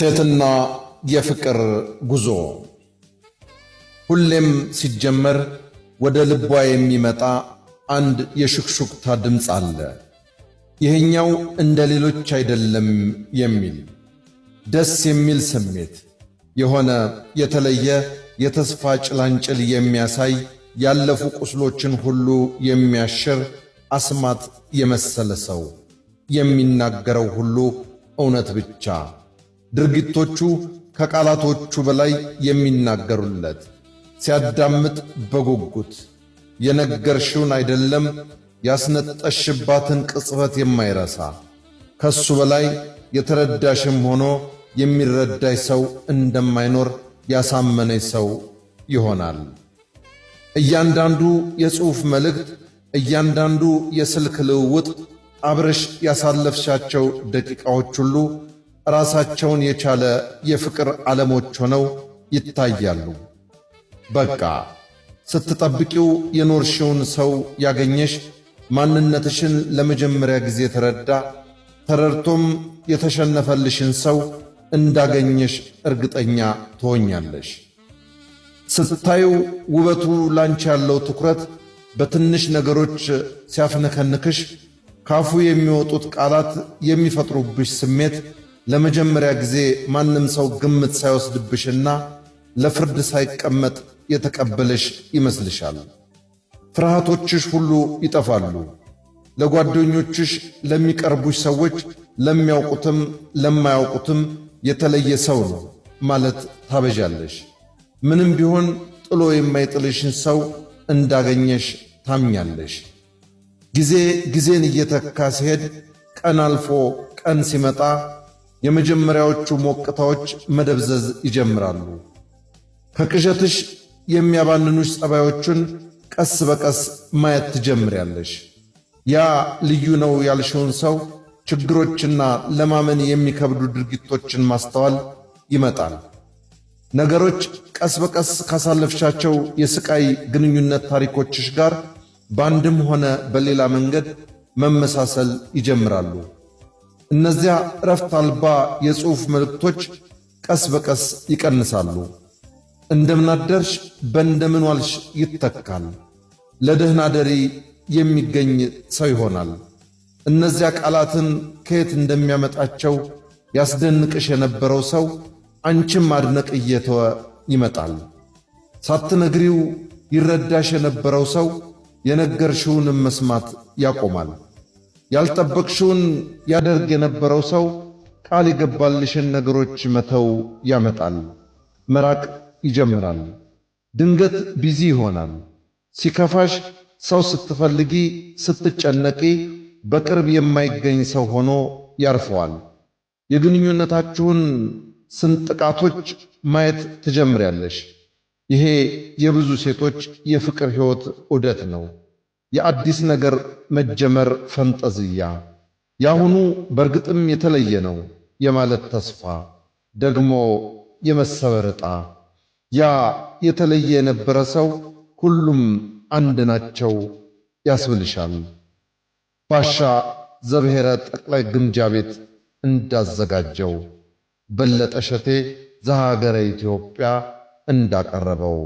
ሴትና የፍቅር ጉዞ ሁሌም ሲጀመር ወደ ልቧ የሚመጣ አንድ የሽክሹክታ ድምፅ አለ። ይህኛው እንደ ሌሎች አይደለም የሚል ደስ የሚል ስሜት፣ የሆነ የተለየ የተስፋ ጭላንጭል የሚያሳይ ያለፉ ቁስሎችን ሁሉ የሚያሽር አስማት የመሰለ ሰው የሚናገረው ሁሉ እውነት ብቻ ድርጊቶቹ ከቃላቶቹ በላይ የሚናገሩለት ሲያዳምጥ በጉጉት የነገርሽውን አይደለም ያስነጠሽባትን ቅጽበት የማይረሳ ከሱ በላይ የተረዳሽም ሆኖ የሚረዳሽ ሰው እንደማይኖር ያሳመነኝ ሰው ይሆናል። እያንዳንዱ የጽሑፍ መልእክት፣ እያንዳንዱ የስልክ ልውውጥ፣ አብረሽ ያሳለፍሻቸው ደቂቃዎች ሁሉ ራሳቸውን የቻለ የፍቅር ዓለሞች ሆነው ይታያሉ። በቃ ስትጠብቂው የኖርሽውን ሰው ያገኘሽ ማንነትሽን ለመጀመሪያ ጊዜ ተረዳ፣ ተረድቶም የተሸነፈልሽን ሰው እንዳገኘሽ እርግጠኛ ትሆኛለሽ። ስትታዩ ውበቱ ላንቺ ያለው ትኩረት በትንሽ ነገሮች ሲያፍነከንክሽ፣ ካፉ የሚወጡት ቃላት የሚፈጥሩብሽ ስሜት ለመጀመሪያ ጊዜ ማንም ሰው ግምት ሳይወስድብሽና ለፍርድ ሳይቀመጥ የተቀበለሽ ይመስልሻል። ፍርሃቶችሽ ሁሉ ይጠፋሉ። ለጓደኞችሽ፣ ለሚቀርቡሽ ሰዎች፣ ለሚያውቁትም ለማያውቁትም የተለየ ሰው ነው ማለት ታበዣለሽ። ምንም ቢሆን ጥሎ የማይጥልሽን ሰው እንዳገኘሽ ታምኛለሽ። ጊዜ ጊዜን እየተካ ሲሄድ ቀን አልፎ ቀን ሲመጣ የመጀመሪያዎቹ ሞቅታዎች መደብዘዝ ይጀምራሉ። ከቅዠትሽ የሚያባንኑሽ ጸባዮቹን ቀስ በቀስ ማየት ትጀምሪያለሽ። ያ ልዩ ነው ያልሽውን ሰው ችግሮችና ለማመን የሚከብዱ ድርጊቶችን ማስተዋል ይመጣል። ነገሮች ቀስ በቀስ ካሳለፍሻቸው የስቃይ ግንኙነት ታሪኮችሽ ጋር በአንድም ሆነ በሌላ መንገድ መመሳሰል ይጀምራሉ። እነዚያ እረፍት አልባ የጽሑፍ መልእክቶች ቀስ በቀስ ይቀንሳሉ። እንደምናደርሽ በእንደምን ዋልሽ ይተካል። ለደህና ደሪ የሚገኝ ሰው ይሆናል። እነዚያ ቃላትን ከየት እንደሚያመጣቸው ያስደንቅሽ የነበረው ሰው አንቺም ማድነቅ እየተወ ይመጣል። ሳትነግሪው ይረዳሽ የነበረው ሰው የነገርሽውንም መስማት ያቆማል። ያልጠበቅሽውን ያደርግ የነበረው ሰው ቃል የገባልሽን ነገሮች መተው ያመጣል። መራቅ ይጀምራል። ድንገት ቢዚ ይሆናል። ሲከፋሽ፣ ሰው ስትፈልጊ፣ ስትጨነቂ በቅርብ የማይገኝ ሰው ሆኖ ያርፈዋል። የግንኙነታችሁን ስንጥቃቶች ማየት ትጀምሪያለሽ። ይሄ የብዙ ሴቶች የፍቅር ሕይወት ዑደት ነው። የአዲስ ነገር መጀመር ፈንጠዝያ የአሁኑ በእርግጥም የተለየ ነው የማለት ተስፋ ደግሞ የመሰበር ያ የተለየ የነበረ ሰው ሁሉም አንድ ናቸው ያስብልሻል። ባሻ ዘብሔረ ጠቅላይ ግምጃ ቤት እንዳዘጋጀው በለጠ ሸቴ ዘሀገረ ኢትዮጵያ እንዳቀረበው